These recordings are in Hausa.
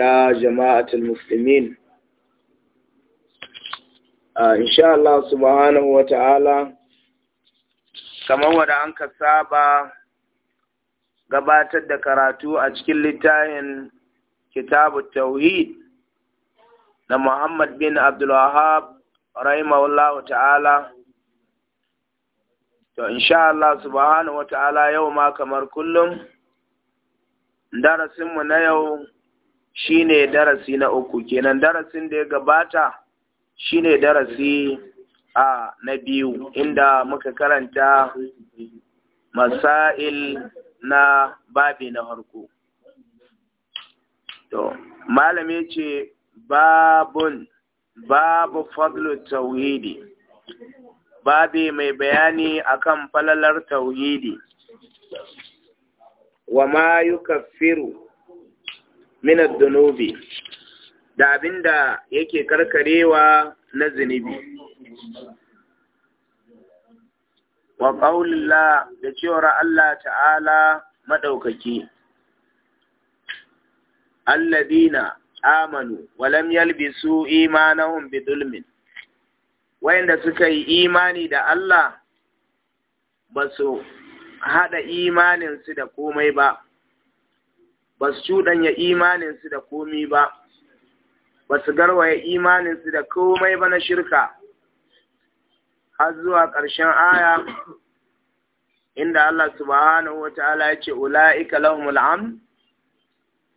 يا جماعة المسلمين إن شاء الله سبحانه kamar wadda an ka saba gabatar da karatu a cikin littafin kitabu tauhid na Muhammad bin Abdulwahab rahimahullahu ta'ala to insha Allah subhanahu wa ta'ala yau ma kamar kullum darasinmu na yau shine darasi na uku kenan darasin da ya gabata shine darasi a na biyu inda muka karanta masail na babi na harko to malam ce babun babu fadlu tauhidi babi mai bayani akan falalar tauhidi wa ma yukaffiru min da abin da yake karkarewa na zunubi wa ƙaunila da cewar Allah ta'ala Maɗaukaki. alladina amanu walam yalbisu imanahum bidulmin wayanda suka yi imani da Allah ba su haɗa imaninsu da komai ba ba su cuɗanya imaninsu da komi ba, ba su garwaye imaninsu da komai ba na shirka, har zuwa ƙarshen aya, inda Allah subhanahu wa ta'ala ya ce, Ula'ika lahumul am,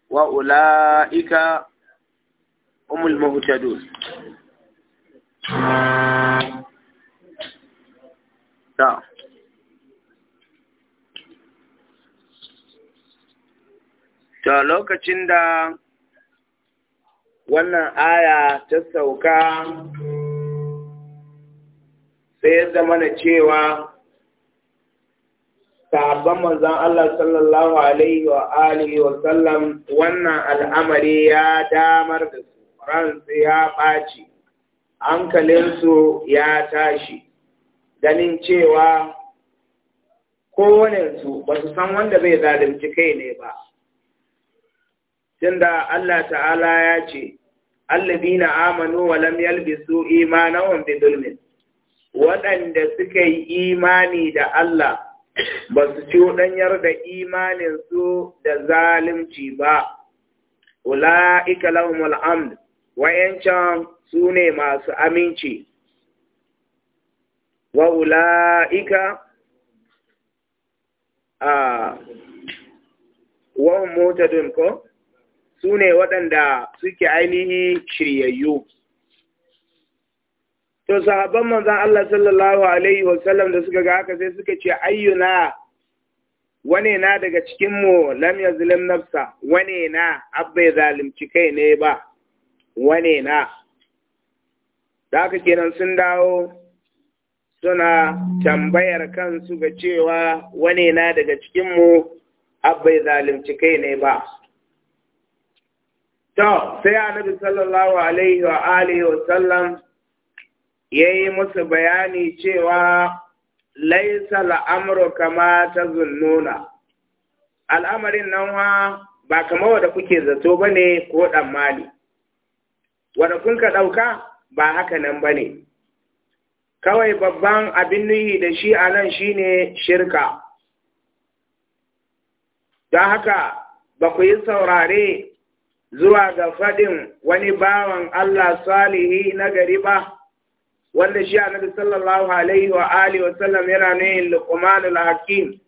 wa ula'ika umul mahutadu. Ta. To lokacin da wannan aya ta sauka sai ya zama na cewa sabon manzan Allah sallallahu alaihi wa alihi wa sallam wannan al'amari ya damar da su ransu ya ɓaci hankalinsu ya tashi ganin cewa su ba su san wanda bai zalunci kai ne ba tunda Allah ta'ala ya ce alladina amanu wa lam yalbisu imanahum bi zulmin waɗanda suka yi imani da Allah ba su ci ɗanyar da imanin da zalunci ba ula'ika lahumul amd wayancan su ne masu aminci wa ula'ika a wa mota ko su ne waɗanda suke ainihi shiryayyu. To, sahabban manzan Allah sallallahu Alaihi wasallam da suka ga haka sai suka ce ayyuna wane na daga cikinmu lam ya nafsa, wane na ya zalimci kai ne ba, wane na. Da aka kenan sun dawo suna tambayar kansu ga cewa wane na daga cikinmu ya zalimci kai ne ba. To, sai annabi sallallahu alaihi wa alihi wa sallam ya yi musu bayani cewa laisa al'amuru kama ta zunnuna. Al'amarin nan wa ba kamar wadda kuke zato ba ne ko ɗammali. Wadda kun ka ɗauka ba haka nan ba ne. Kawai babban abin nuhi da shi a nan shi ne shirka. Don haka ba ku yi saurare zuwa ga fadin wani bawan Allah salihi na gari ba wanda shi annabi sallallahu alaihi wa alihi wa sallam yana nuhin luqmanul hakim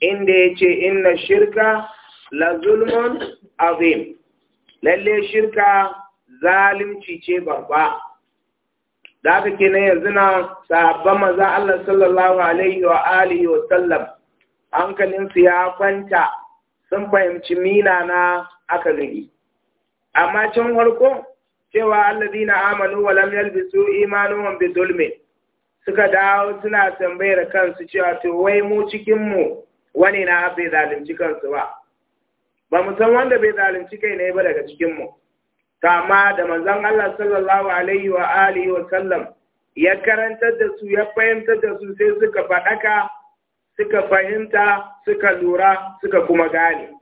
inda ya ce inna shirka la zulmun azim lalle shirka zalimci ce babba da ke na yanzu na sahabban maza Allah sallallahu alaihi wa alihi wa sallam hankalinsu ya kwanta sun fahimci mina na aka gani amma can farko cewa alladina amanu wa lam bisu, imanuhum bi suka dawo suna tambayar kansu cewa to wai mu cikinmu wani na bai zalunci kansu ba ba mu san wanda bai zalunci kai ne ba daga cikinmu. mu kama da manzon Allah sallallahu alaihi wa alihi wa sallam ya karantar da su ya fahimtar da su sai suka faɗaka suka fahimta suka lura suka kuma gane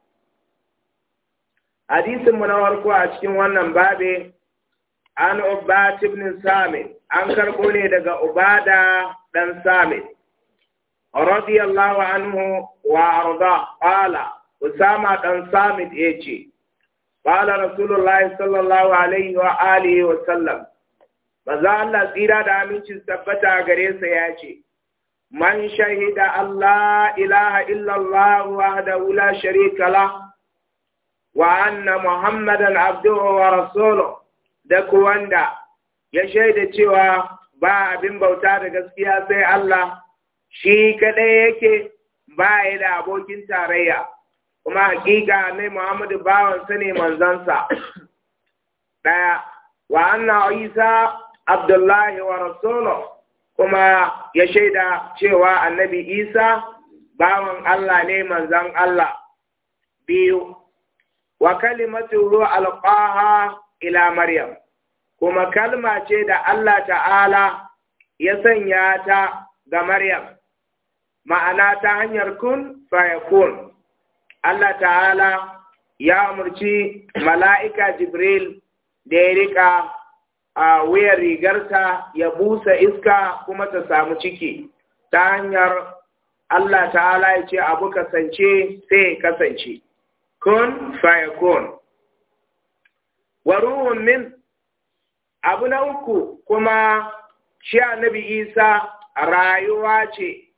hadisin mu na farko a cikin wannan babe an ubat ibn samit an karbo ne daga ubada dan samit radiyallahu anhu wa arda qala usama dan samit yace qala rasulullahi sallallahu alaihi wa alihi wa sallam maza Allah tsira da amincin tabbata gare sa yace man shahida Allah ilaha allah wahdahu la sharika lahu wa anna muhammadan abduhu wa rasuluhu da ya shaida cewa ba abin bauta da gaskiya sai Allah shi kadai yake ba ya da abokin tarayya kuma hakika ne Muhammadu bawansa ne manzansa daya wa anna isa abdullahi wa kuma ya shaida cewa annabi isa bawan Allah ne manzan Allah biyu wa kalimatu ruwa ila Maryam, kuma kalma ce da Allah ta'ala ya sanya ta ga Maryam, ma'ana ta hanyar kun fayakun. Allah ta'ala ya amurci mala'ika Jibril da ya rika a wuyar rigarta ya busa iska kuma ta samu ciki ta hanyar Allah ta'ala ya ce abu kasance sai kasance. kun fayakun wa ruhun min abu na uku kuma shi annabi isa rayuwa ce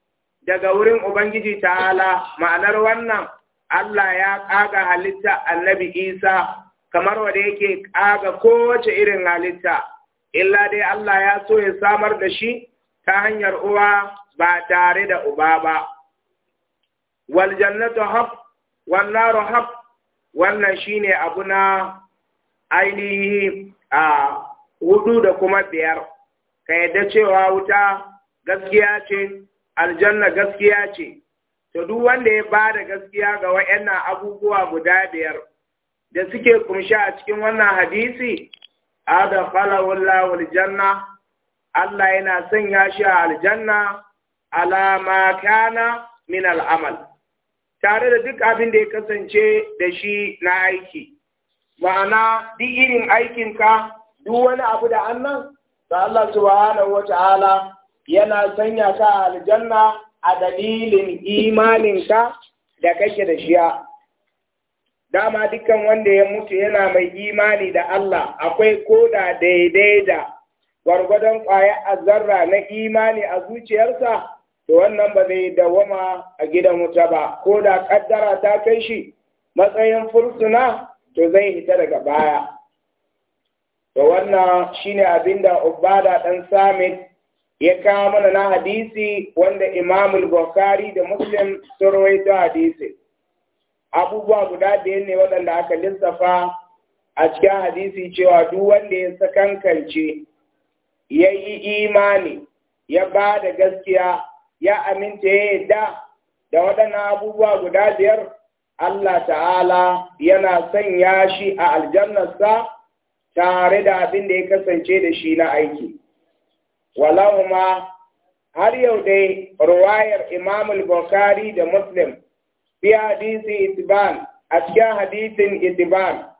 daga wurin ubangiji ta'ala ma'anar wannan Allah ya ƙaga halitta annabi isa kamar wanda yake ƙaga kowace irin halitta illa dai Allah ya so ya samar da shi ta hanyar uwa ba tare da uba ba wal jannatu haqq wannan rahab wannan shine abu na ainihi a hudu da kuma biyar ka yadda cewa wuta gaskiya ce aljanna gaskiya ce Ta duk wanda ya ba da gaskiya ga waɗannan abubuwa guda biyar da suke kumshi a cikin wannan hadisi ada Allahu aljanna Allah yana sanya shi a aljanna alama kana min al'amal tare da duk abin da ya kasance da shi na aiki ma'ana duk irin aikinka duk wani abu da annan da Allah subhanahu wata'ala yana sanya ka aljanna a dalilin imaninka da kake da shiya dama dukkan wanda ya mutu yana mai imani da Allah akwai koda daidai da gwargwadon a zarra na imani a zuciyarsa to wannan ba zai dawama a gidan wuta ba ko da kaddara ta kai shi matsayin fursuna to zai hita daga baya to wannan shine abinda ubada dan samit ya kawo mana na hadisi wanda al bukhari da muslim sun rawaito hadisi abubuwa guda biyar ne waɗanda aka lissafa a cikin hadisi cewa duk wanda ya sakankance ya yi imani ya ba da gaskiya ya aminta ya yadda da waɗannan abubuwa guda biyar Allah ta'ala yana sanya shi a aljannarsa tare da abin da ya kasance da shi na aiki. Walau ma har yau dai ruwayar Imam bukhari da Muslim fi hadisi Itiban a cikin hadisin Itiban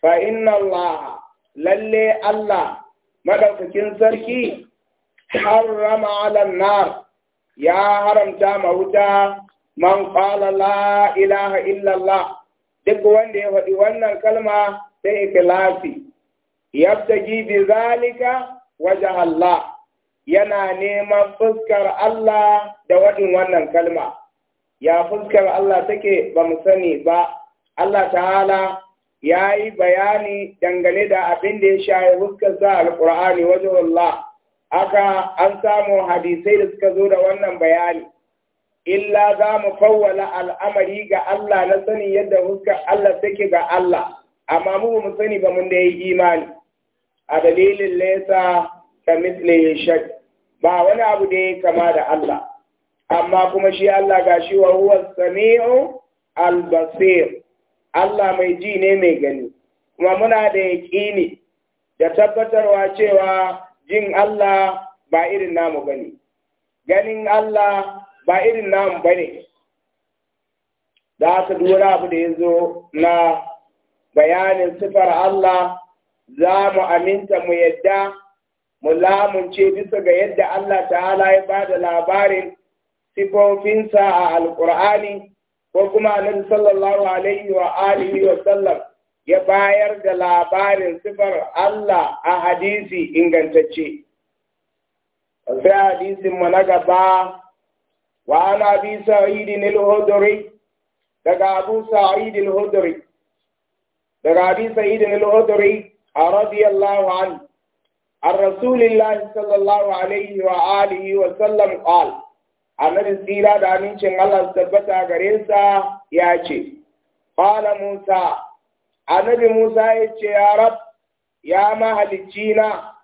fa inna Allah lalle Allah madaukakin sarki harrama ala nar ya haramta ma wuta man qala la ilaha illallah duk wanda ya faɗi wannan kalma ta ikhlasi yabtaji bi zalika wajha Allah yana neman fuskar Allah da waɗin wannan kalma ya fuskar Allah take ba mu sani ba Allah ta'ala ya yi bayani dangane da abin da ya shaye fuskar sa alƙur'ani wajen Allah aka an samu hadisai da suka zo da wannan bayani illa za mu fawwala al'amari ga Allah na sani yadda huska Allah take ga Allah amma mu mu sani ba mun da yi imani a dalilin laysa ka misli shak ba wani abu da yake kama da Allah amma kuma shi Allah gashi wa huwa samiu al Allah mai ji ne mai gani kuma muna da yaƙini da tabbatarwa cewa jin Allah ba irin namu bane ganin Allah ba irin namu ne, da aka dora abu da ya zo na bayanin sifar Allah za mu aminta mu yadda mu lamunce bisa ga yadda Allah ta'ala ya ba da labarin sifofinsa a Alƙur'ani ko kuma annabi sallallahu alaihi wa alihi wa sallam ya bayar da labarin sifar Allah a hadisi ingantacce. Sai hadisin ma na gaba wa ana bi sa'idin al-hudri daga Abu Sa'id al-Hudri daga Abi Sa'id al-Hudri radiyallahu anhu عن رسول الله صلى الله عليه وآله وسلم قال annabi tsira da amincin Allah tabbata gare sa ya ce, Fala Musa, annabi Musa ya ce ya rab ya mahalicci na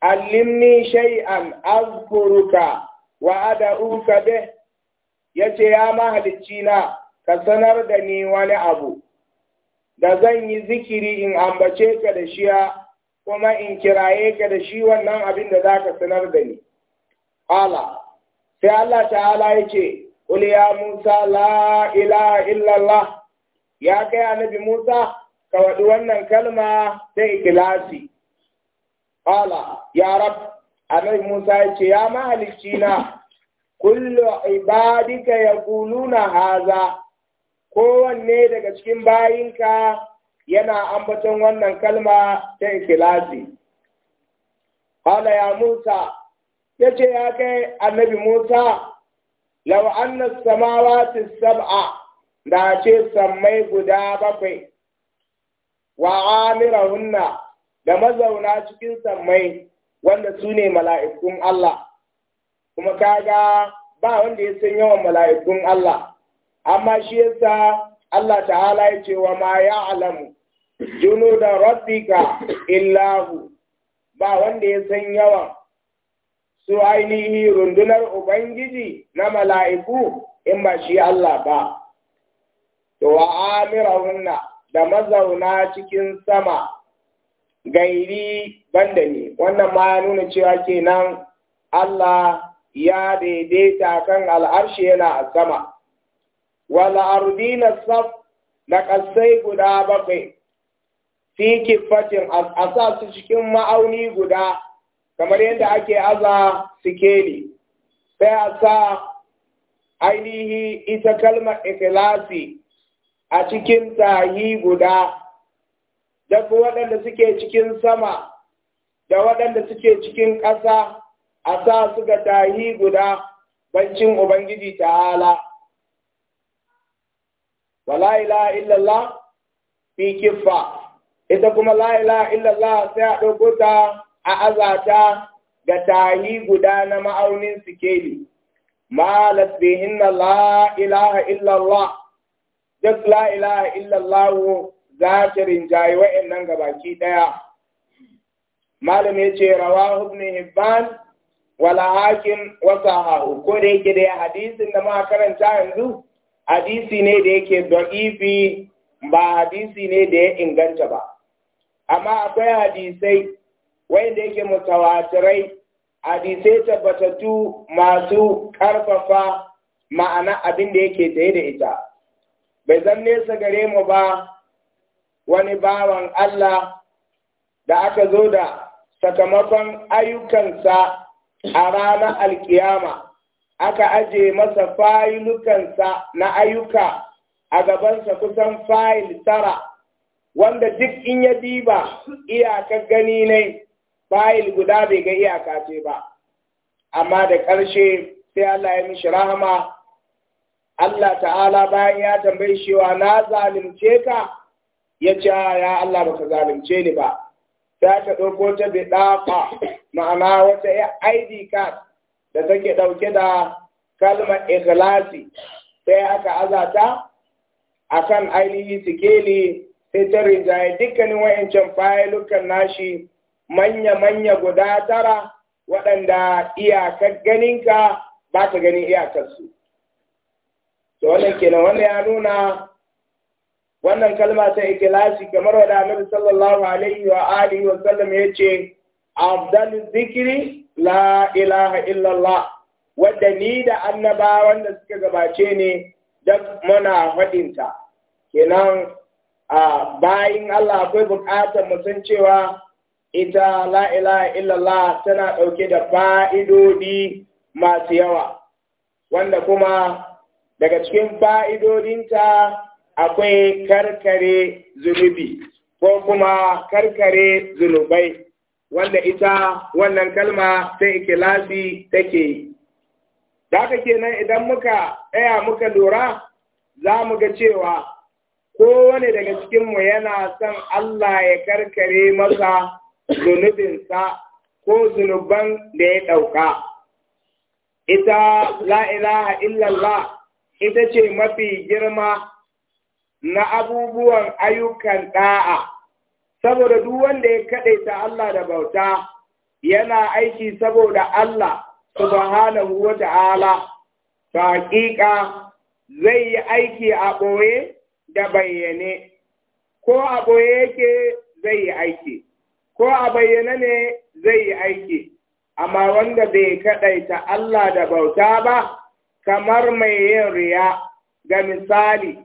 allimni shay'an azkuruka wa ad'uka bih yace ya mahalicci na ka sanar da ni wani abu da zan yi zikiri in ambace ka da shiya kuma in kiraye ka da shi wannan abin da zaka sanar da ni ala sai Allah ta'ala yace qul ya musa la ilaha illallah ya kai annabi musa ka wannan kalma ta ikilasi qala ya rab annabi Musa ya ce ya mahalicci na kullu ibadika na haza kowanne daga cikin bayinka yana ambaton wannan kalma ta ikilasi qala ya Musa yace ya kai annabi Musa law anna samawati sab'a da ce sammai guda bakwai wa hunna da mazauna cikin sammai wanda su ne mala'ikun Allah kuma kaga ba wanda ya san yawan mala'ikun Allah amma shi yasa Allah ta'ala ya ce wa ma da da rabbika illahu ba wanda ya san yawan su ainihi rundunar Ubangiji na mala'iku in ba shi Allah ba, Da wa amirahunna da mazauna cikin sama gairi banda ni wannan ma ya nuna cewa kenan Allah ya daidaita kan al'arshi yana a sama wal ardina saf da kasai guda bakwai fi kifatin asa su cikin ma'auni guda kamar yadda ake aza sikeli sai a sa ainihi ita kalmar ikhlasi a cikin tahi guda da waɗanda suke cikin sama da waɗanda suke cikin ƙasa a sa su ga tahi guda bancin Ubangiji ta'ala. Wa la'ila illallah fi kiffa, ita kuma la'ila illallah sai a ɗauko ta a azata ga tahi guda na ma'aunin sikeli. Ma lasbihin la ilaha illallah. duk la ilaha illallah za ta rinjayi wa'annan gabaki daya malam yace rawa ibn hibban wala hakim wa sahahu ko da yake da hadisin da muka karanta yanzu hadisi ne da yake da'ifi ba hadisi ne da ya inganta ba amma akwai hadisai wanda yake mutawatirai hadisai tabbatattu masu ƙarfafa ma'ana abin da yake tsaye da ita bai zan nesa gare mu ba wani bawan Allah da aka zo da sakamakon ayyukansa a ranar alkiyama aka aje masa fayilukansa na ayyuka a gabansa kusan fayil tara wanda duk in ya diba iyakar gani ne fayil guda bai ga iyaka ce ba amma da ƙarshe sai Allah ya mishi rahama Allah ta'ala bayan ya tambayi shi na zalunce ka ya ce ah, ya Allah ba baka zalunce ni ba ta ta ɗauko ta bidafa ma'ana wata ID card da take ɗauke da kalmar ikhlasi sai aka azata akan ainihi sikeli sai ta rinjaye dukkanin wayancan fayilukan nashi manya-manya guda tara waɗanda iyakar ganinka ba ta ganin iyakarsu. wannan kenan wannan ya nuna wannan kalma ta ikhlasi kamar wadda Annabi sallallahu alaihi wa alihi wa sallam yace afdalu zikri la ilaha illallah wadda ni da annaba wanda suka gabace ne duk muna haɗinta kenan a bayin Allah akwai bukatar mu san cewa ita la ilaha illallah tana ɗauke da fa'idodi masu yawa wanda kuma daga cikin fa'idodinta akwai karkare zunubi ko kuma karkare zunubai wanda ita wannan kalma ta ikilasi take yi. Da ke kenan idan muka ɗaya muka lura za mu ga cewa kowane daga cikinmu yana son Allah ya karkare masa zunubinsa ko zunuban da ya ɗauka. Ita la ilaha illallah ita ce mafi girma na abubuwan ayyukan ɗa'a, saboda duk wanda ya kaɗaita Allah da bauta yana aiki saboda Allah subhanahu wa ta'ala, ta haƙiƙa zai yi aiki a ɓoye da bayyane, ko a ɓoye yake zai yi aiki, ko a bayyane ne zai yi aiki, amma wanda bai kaɗaita Allah da bauta ba. kamar mai yin riya ga misali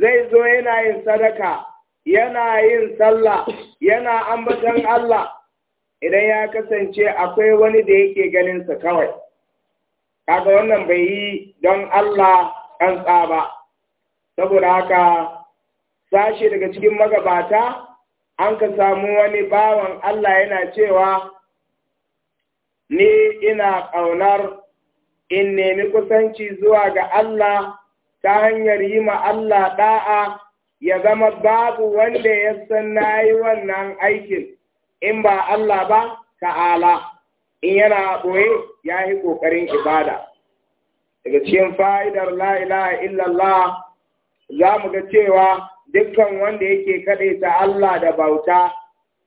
zai zo yana yin sadaka yana yin sallah yana ambatan Allah idan ya kasance akwai wani da yake ganin sa kawai kaga wannan bai yi don Allah kan ba saboda haka sashe daga cikin magabata an ka samu wani bawan Allah yana cewa ni ina ƙaunar in nemi kusanci zuwa ga Allah ta hanyar yi ma Allah ɗa'a ya zama babu wanda ya san na yi wannan aikin in ba Allah ba ta'ala in yana ɓoye ya yi ƙoƙarin ibada. Daga cikin fa'idar la'ilaha illallah za mu ga cewa dukkan wanda yake kaɗaita Allah da bauta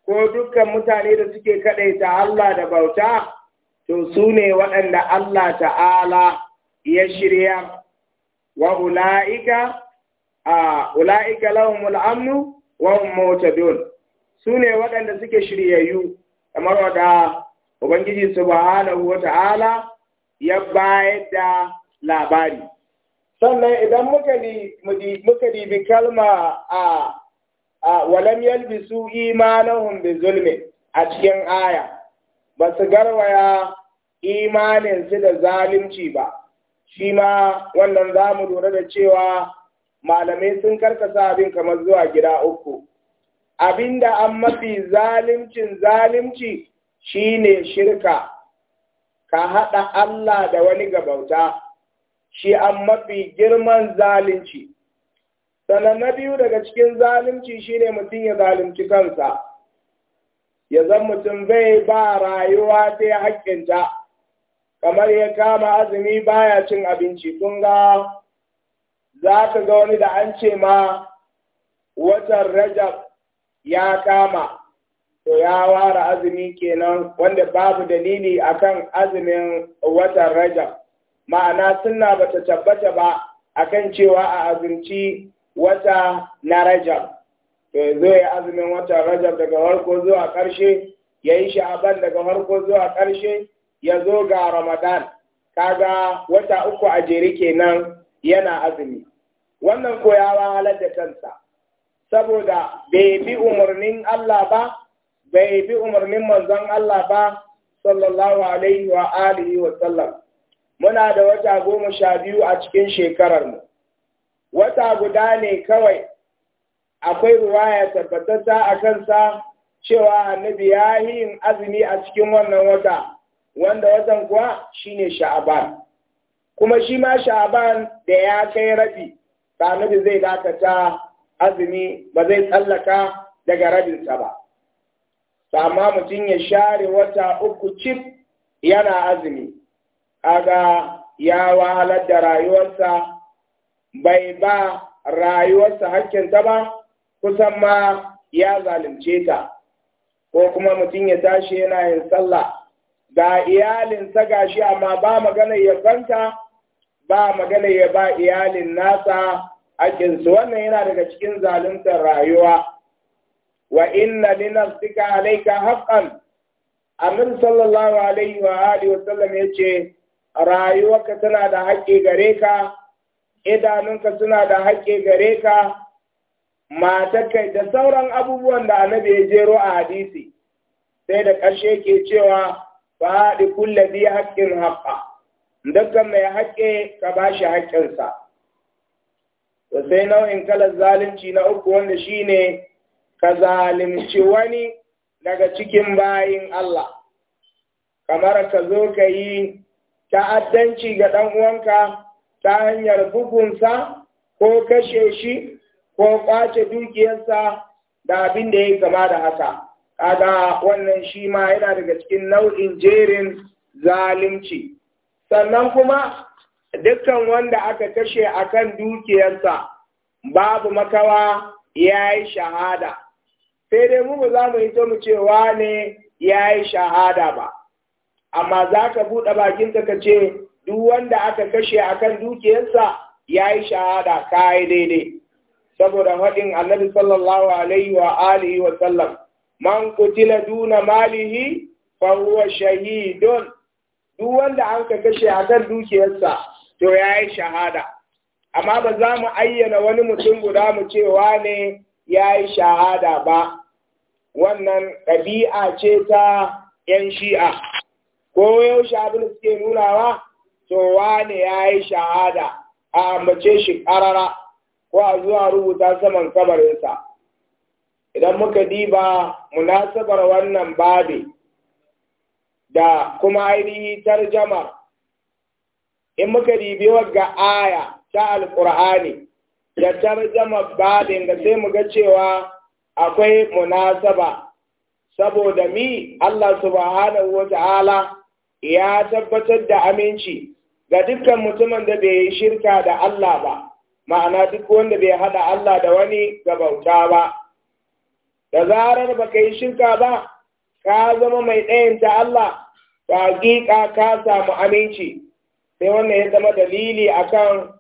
ko dukkan mutane da suke kaɗaita Allah da bauta to su ne waɗanda Allah ta'ala ya shirya wa ula'ika a ula'ika lahumul amnu wa mota don. su ne waɗanda suke shiryayyu kamar wada ubangiji subhanahu wa ta'ala ya bayar da labari sannan idan muka dibi kalma a walam yalbisu imanahum bi zulmi a cikin aya ba su garwaya imaninsu da zalunci ba shi ma wannan za mu lura da cewa malamai sun karkasa abin kamar zuwa gida uku abinda an mafi zalunci shi ne shirka ka haɗa Allah da wani gabauta shi an mafi girman zalunci sannan na biyu daga cikin zalunci shi ne mutum ya zalunci kansa ya zan mutum bai ba rayuwa sai haƙƙinta kamar ya kama azumi baya cin abinci kun ga za ka ga wani da an ce ma watan rajab ya kama to ya ware azumi kenan wanda babu dalili akan azumin watan rajab ma'ana sunna bata tabbata ba akan cewa a azumci wata na rajab to yanzu ya azumin watan rajab daga farko zuwa ƙarshe ya yi sha'aban daga farko zuwa ƙarshe ya zo ga Ramadan, kaga wata uku a jere kenan yana azumi. Wannan koyawa ya da kansa, saboda bai bi umarnin Allah ba, bai bi umarnin manzon Allah ba, sallallahu alaihi wa alihi wa sallam. Muna da wata goma sha biyu a cikin shekarar mu Wata guda ne kawai akwai ruwaya tabbatata a kansa cewa annabi ya yi yin azumi a cikin wannan wata wanda watan kuwa shine sha'aban kuma shi ma sha'aban da ya kai rabi ɗalibi zai dakata azumi ba zai tsallaka daga rabinsa ba amma mutum ya share wata uku cif yana azumi kaga ya wahalar da rayuwarsa bai ba rayuwarsa hakkinta ba kusan ma ya zalunce ta ko kuma mutum ya tashi yana yin sallah ga iyalinsa gashi amma ba magana ya fanta, ba magana ya ba iyalin nasa su wannan yana daga cikin zaluntar rayuwa wa inna li nafsika alayka haqqan annabi sallallahu alaihi wa alihi wa sallam yace rayuwarka tana da haƙƙi gare ka idanunka suna da haƙƙi gare ka matakai da sauran abubuwan da annabi ya jero a hadisi sai da ƙarshe ke cewa faɗi kulla bi haƙƙin haƙƙa dukkan mai haƙƙe ka ba shi haƙƙinsa to sai nau'in kalar zalunci na uku wanda shine ka zalunci wani daga cikin bayin Allah kamar ka zo ka yi ta'addanci ga ɗan uwanka ta hanyar bugunsa ko kashe shi ko ƙwace dukiyarsa da abin da ya kama da haka kaga wannan shi ma yana daga cikin nau'in jerin zalunci sannan kuma dukkan wanda aka kashe a kan dukiyarsa babu makawa ya yi shahada sai dai mu ba za mu yi mu cewa ne ya yi shahada ba amma za ka buɗe bakinka ka ce duk wanda aka kashe a kan dukiyarsa ya yi shahada ka daidai saboda haɗin annabi sallallahu alaihi wa alihi wa sallam man kutila duna malihi fa huwa shahidun duk wanda an ka kashe kan dukiyarsa to yayi shahada amma ba za mu ayyana wani mutum guda mu cewa ne yayi shahada ba wannan ɗabi'a ce ta 'yan shi'a ko yaushe abin da suke nunawa to ya yayi shahada a mace shi ƙarara ko a zuwa rubuta saman kamarinsa idan muka diba munasabar wannan babi da kuma ainihi tarjama in muka dibi wagga aya ta alƙur'ani da tarjama babin da sai muga cewa akwai munasaba saboda mi Allah subhanahu wa ta'ala ya tabbatar da aminci ga dukkan mutumin da bai shirka da Allah ba ma'ana duk wanda bai hada Allah da wani gabauta ba da zarar ba ka yi shirka ba ka zama mai ɗayan ta Allah ta hakika ka samu aminci sai wannan ya zama dalili akan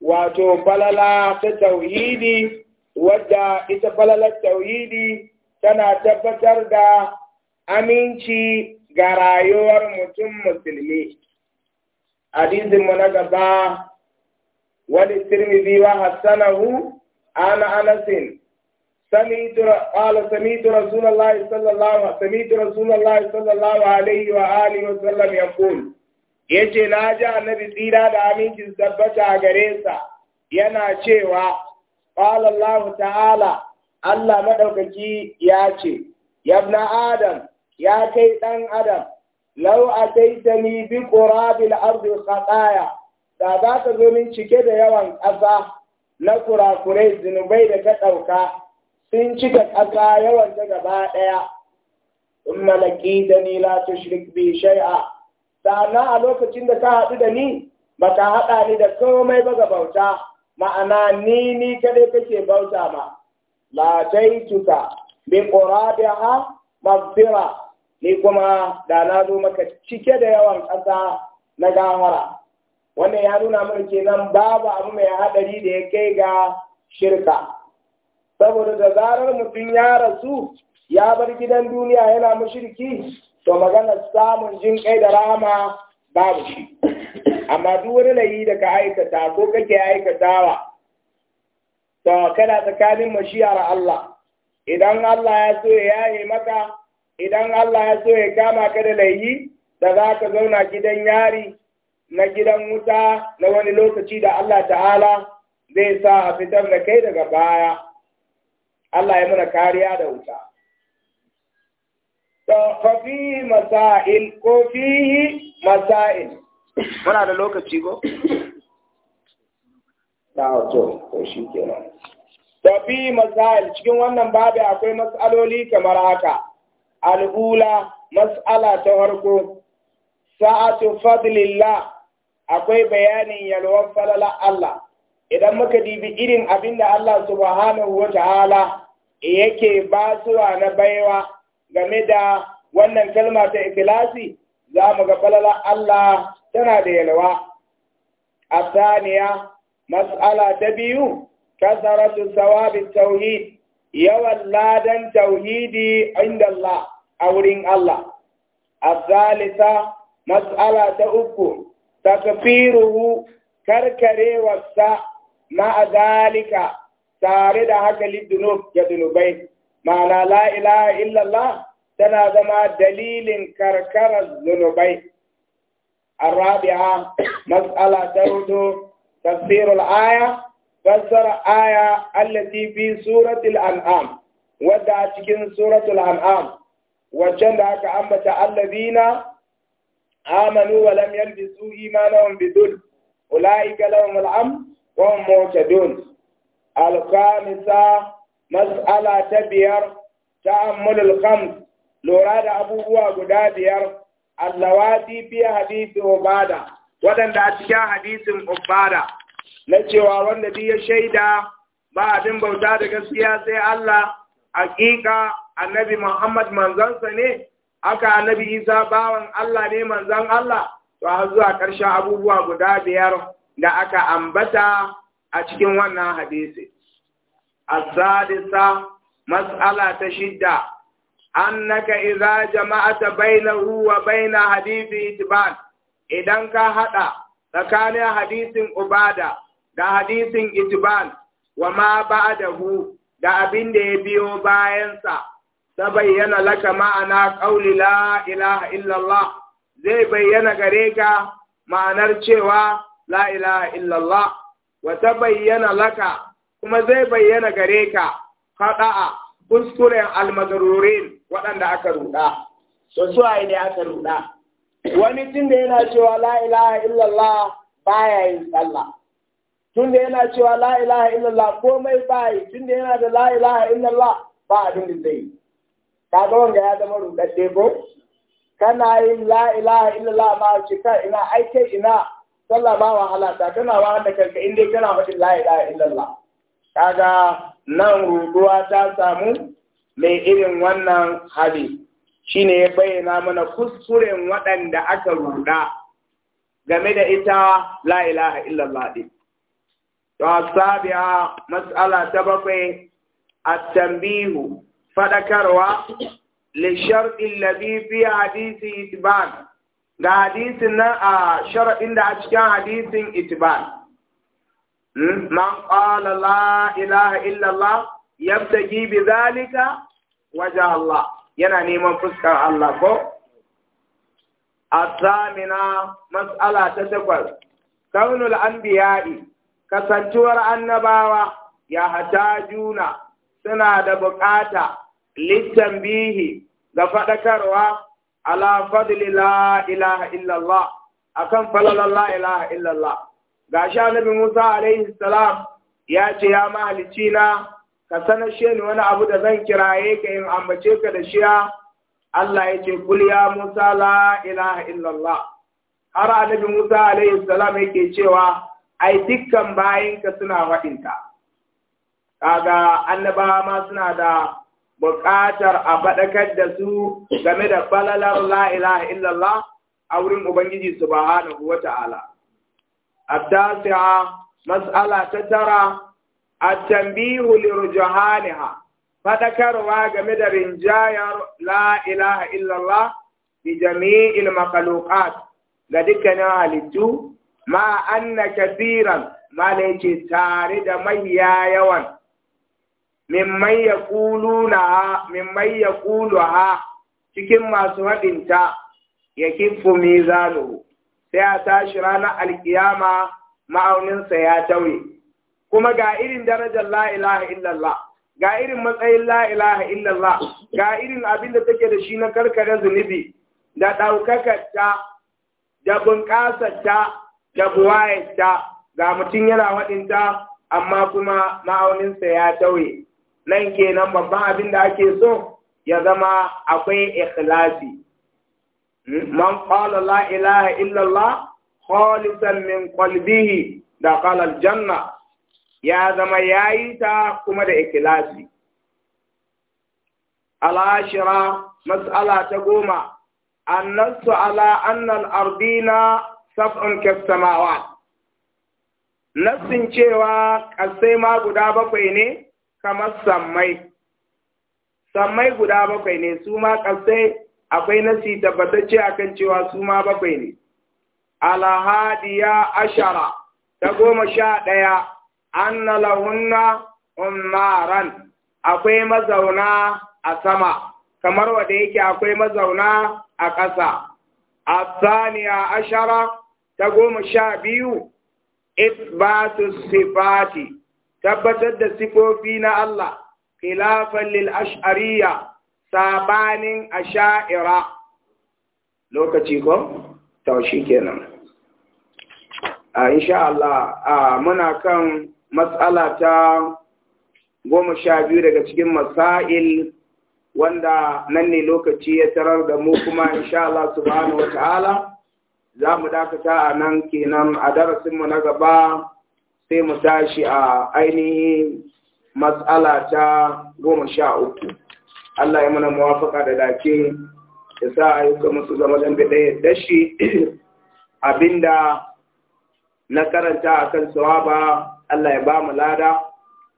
wato falala ta tauhidi wadda ita falalar tauhidi tana tabbatar da aminci ga rayuwar mutum musulmi hadisin mu na gaba wani tirmidhi wa hassanahu ana anasin سمعت قال سمعت رسول الله صلى الله سمعت رسول الله yace na ji annabi tsira da aminci tabbata a gare sa yana cewa qala Allah ta'ala Allah maɗaukaki ya ce yabna adam ya kai ɗan adam law ataitani bi qurabil ardi khataya da za ka zo min cike da yawan ƙasa na kurakurai zunubai da ka ɗauka sun cika ƙasa yawan ta gaba ɗaya in malaki da ni la tushrik bi shai'a. sannan a lokacin da ka haɗu da ni ba baka haɗa ni da komai ba ga bauta ma'ana ni ni kaɗai kake bauta ma la taituka bi qurabiha mafira, ni kuma da na zo maka cike da yawan ƙasa na gawara wannan ya nuna mana kenan babu abu mai haɗari da ya kai ga shirka saboda da zarar mutum ya rasu ya bar gidan duniya yana mushriki to magana samun jin kai da rahama babu shi amma duk wani layi da ka aikata ko kake aikatawa to kana tsakanin mashiyar Allah idan Allah ya so ya yaye maka idan Allah ya so ya kama ka da layi da za ka zauna gidan yari na gidan wuta na wani lokaci da Allah ta'ala zai sa a fitar da kai daga baya Allah ya mana kariya da wuta to fa masail ko fihi masail muna da lokaci go to ko shi to masail cikin wannan babu akwai mas'aloli kamar haka al'ula mas'ala ta harko. sa'atu fadlillah akwai bayanin yalwar falala Allah idan muka dibi irin abin da Allah subhanahu wa ta'ala yake ba basuwa na baiwa game da wannan kalma ta ikilasi za mu ga falala Allah tana da yalwa. A saniya, mas'ala ta biyu, kasaratu sawabin tauhid, yawan ladan tauhidi inda Allah a wurin Allah. A zalisa, mas'ala ta uku, takfiruhu karkarewarsa ma'a zalika tare da haka lidunub ya dunubai ma'ana la ilaha illallah tana zama dalilin karkarar zunubai الرابعة مسألة ترد تفسير الآية فسر آية التي في سورة الأنعام ودع تكن سورة الأنعام وجندك أمة الذين آمنوا ولم يلبسوا إيمانهم بذل أولئك لهم الأمن وهم موتدون Mas'ala ta biyar ta الخمس lura da abubuwa guda biyar allawati fi hadisi ubada waɗanda a cikin hadisin ubada na cewa wanda biyu ya shaida ba bin bauta da gaskiya sai Allah hakika annabi Muhammad manzansa ne aka annabi Isa bawan Allah ne manzan Allah to har zuwa ƙarshen abubuwa guda biyar da aka ambata a cikin wannan hadisi. Azadisa mas'ala ta shidda, annaka idza jama'ata bainahu wa baina hadisi itban idan ka haɗa tsakanin hadisin ubada da hadisin itban wa ma ba'dahu da abin da ya biyo bayansa ta bayyana laka ma'ana qauli la ilaha illallah zai bayyana gare ka ma'anar cewa la ilaha illallah wa tabayyana laka kuma zai bayyana gare ka khada'a kuskuren almagrurin waɗanda aka ruɗa so su ne aka ruɗa wani tunda yana cewa la ilaha illallah baya yin sallah tunda yana cewa la ilaha illallah komai ba yi tunda yana da la ilaha illallah ba abin da zai yi kaga wanda ya zama rudadde ko kana yin la ilaha illallah ma ce ka ina aike ina sallah ba wahala ta kana wa da kanka in dai kana faɗin la ilaha illallah kaga nan ruduwa ta samu mai irin wannan hali shine ya bayyana mana kuskuren waɗanda aka ruda game da ita la ilaha illallah din to sabiya mas'ala ta bakwai at-tanbihu fadakarwa li shar'i a fi hadisi itban ga hadisin nan a shara'in da a cikin hadisin itibar hmm? man qala la ilaha illallah yabtagi bi zalika wajen Allah yana neman fuskar Allah ko azamina mas'ala ta takwas kaunul anbiya'i kasantuwar annabawa ya hata juna suna da bukata littan bihi ga faɗakarwa ala fadli la ilaha illallah akan falalan la ilaha illallah gashi annabi Musa alaihi salam ya ce ya mahalicci na ka sanar shi ni wani abu da zan kiraye ka yin ambace ka da shiya Allah ya ce kul ya Musa la ilaha illallah har annabi Musa alaihi salam yake cewa ai dukkan bayanka suna waɗinta kaga Annaba ma suna da buƙatar a faɗakar da su game da falalar la'ilaha illallah a wurin Ubangiji subhanahu wa ta'ala. Abdasiya matsala ta tara a tambihu lirjahaniha faɗakarwa game da rinjayar la'ilaha ilaha illallah bi jami'il makhluqat ga dukkanin halittu ma anna kafiran ma tare da mahiya yawan mimman ya kulu ha cikin masu haɗinta ya kiffu mizanu sai a tashi ranar alkiyama ma'auninsa ya tauye kuma ga irin darajar la ilaha illallah ga irin matsayin la ilaha illallah ga irin abin da take da shi na karkare zunubi da ɗaukakarta da bunƙasarta da buwayarta ga mutum yana waɗinta amma kuma ma'auninsa ya tauye nan kenan babban abin da ake so ya zama akwai ikhlasi hmm? man qala la ilaha illa Allah khalisan min qalbihi da qala janna. ya zama yayi ta kuma da ikhlasi al'ashira mas'ala ta goma annasu ala annal ardina sab'un samawat nasin cewa kasai ma guda bakwai ne kamar sammai sammai guda bakwai ne su ma ƙasai akwai nasi tabbatacce kan cewa su ma bakwai ne alhadiya ashara ta goma sha ɗaya an na lahunna Umaran akwai mazauna a sama kamar wanda yake akwai mazauna a ƙasa asaniya ashara ta goma sha biyu isbatu sifati tabbatar da sifofi na Allah khilafan lil ash'ariya sabanin asha'ira lokaci ko taushi kenan a insha Allah a muna kan matsala ta goma sha biyu daga cikin masail wanda nan ne lokaci ya tarar da mu kuma insha Allah subhanahu wa ta'ala za mu dakata a nan kenan a darasinmu na gaba sai mu tashi a ainihin matsala ta goma sha uku Allah ya mana mawafaka da dace ya sa a ayyuka musu zama dambe ɗaya dashi abinda na karanta a kan sawaba Allah ya ba mu lada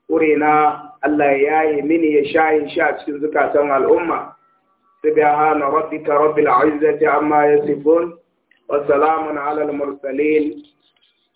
ƙurina Allah ya yi mini ya sha yi sha cikin zukatan al'umma subhana rabbika rabbil izzati amma yasifun wa salamun alal mursalin